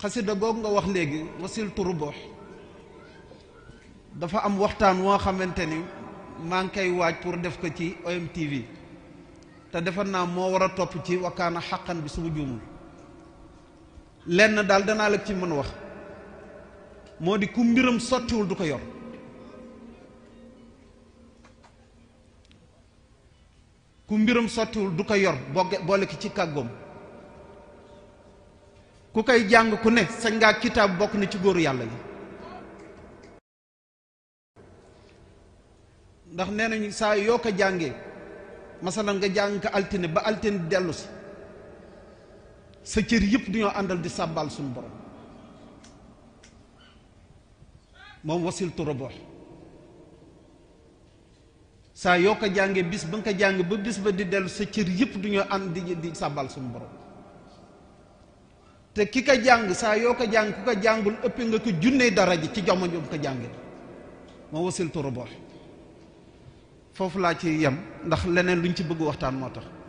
xasida googu nga wax léegi wasiltu rubox dafa am waxtaan woo xamante ni maa ngi koy waaj pour def ko ci OMTV te defar naa moo war a topp ci wakkaana xàqan bi suma ma juumul lenn daal danaa la ci mën wax moo di ku mbiram sottiwul du ko yor ku mbiram sottiwul du ko yor boo boole ki ci kàggoom ku kay kune ku ne sañ ngaa kitaab bokk na ci góoru yalla yi ndax nenañu sa yo ko masalan nga jang ka altine ba altine dellu si sa cër yëpp duñoo andal di sabbal sun borom moom wasiltu rubuh sa yo ko jangé bis ba nga jang ba bis ba di delu sa cër yëpp di di sàbbaal borom te ki ko jàng saa yoo ko jàng ku ko jàngul ëpp nga ko junne dara ji ci jamono jom ko jàngit ma wasiltu rubox foofu laa ci yem ndax leneen luñ ci bëgg waxtaan moo tax